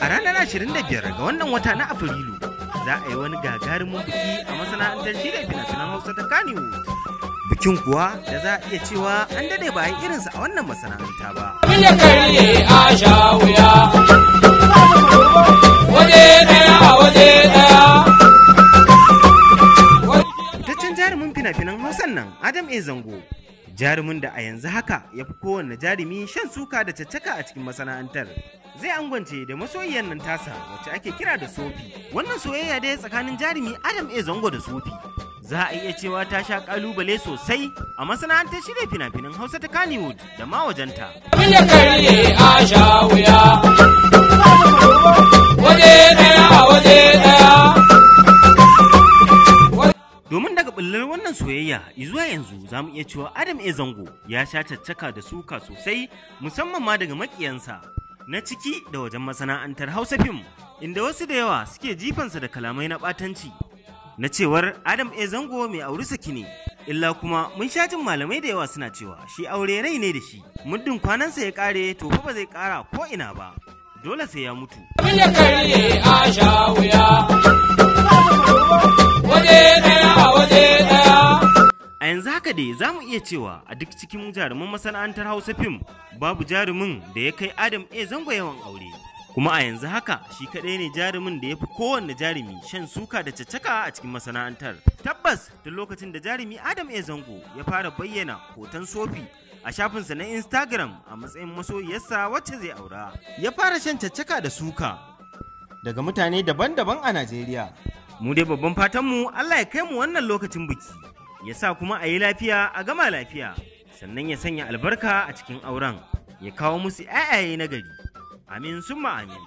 A ranar biyar ga wannan wata na Afrilu za a yi wani gagarumin biki a masana'antar shirya fina-finan Hausa ta Kannywood. Bikin kuwa da za a iya cewa an dade ba a yi irinsa a wannan masana'anta ba. Fitaccen jarumin fina-finan Hausan nan Adam A. Zango jarumin da a yanzu haka ya fi kowanne jarumi shan suka da caccaka a cikin masana'antar. zai angwance da masoyiyar nan tasa wacce ake kira da sofi wannan soyayya dai tsakanin jarumi adam e zango da sofi za a iya cewa ta sha kalubale sosai a masana'antar shirya fina-finan hausa ta kaniwood da ma wajenta domin daga bullar wannan soyayya zuwa yanzu za mu iya cewa adam e zango ya sha caccaka da suka sosai musamman ma daga makiyansa na ciki da wajen masana'antar Hausa fim inda wasu da yawa suke jifansa da kalamai na ɓatanci na cewar Adam E zango mai auri saki ne illa kuma mun sha jin malamai da yawa suna cewa shi aure rai ne da shi muddin kwanansa ya kare to fa ba zai kara ko ina ba dole sai ya mutu. Ina karye a sha wuya. za mu iya cewa a duk cikin jaruman masana'antar Hausa fim babu jarumin da ya kai Adam A zango yawan aure. Kuma a yanzu haka shi kaɗai ne jarumin da ya fi kowanne jarumi shan suka da caccaka a cikin masana'antar. Tabbas da lokacin da jarumi Adam A zango ya fara bayyana hoton sofi a shafinsa na Instagram a matsayin masoyiyarsa wacce zai aura. Ya fara shan caccaka da suka daga mutane daban-daban a Najeriya. Mu dai babban fatanmu Allah ya kai mu wannan lokacin biki. ya sa kuma a yi lafiya a gama lafiya sannan ya sanya albarka a cikin auren ya kawo musu 'ya'yaye na gari amin sun amin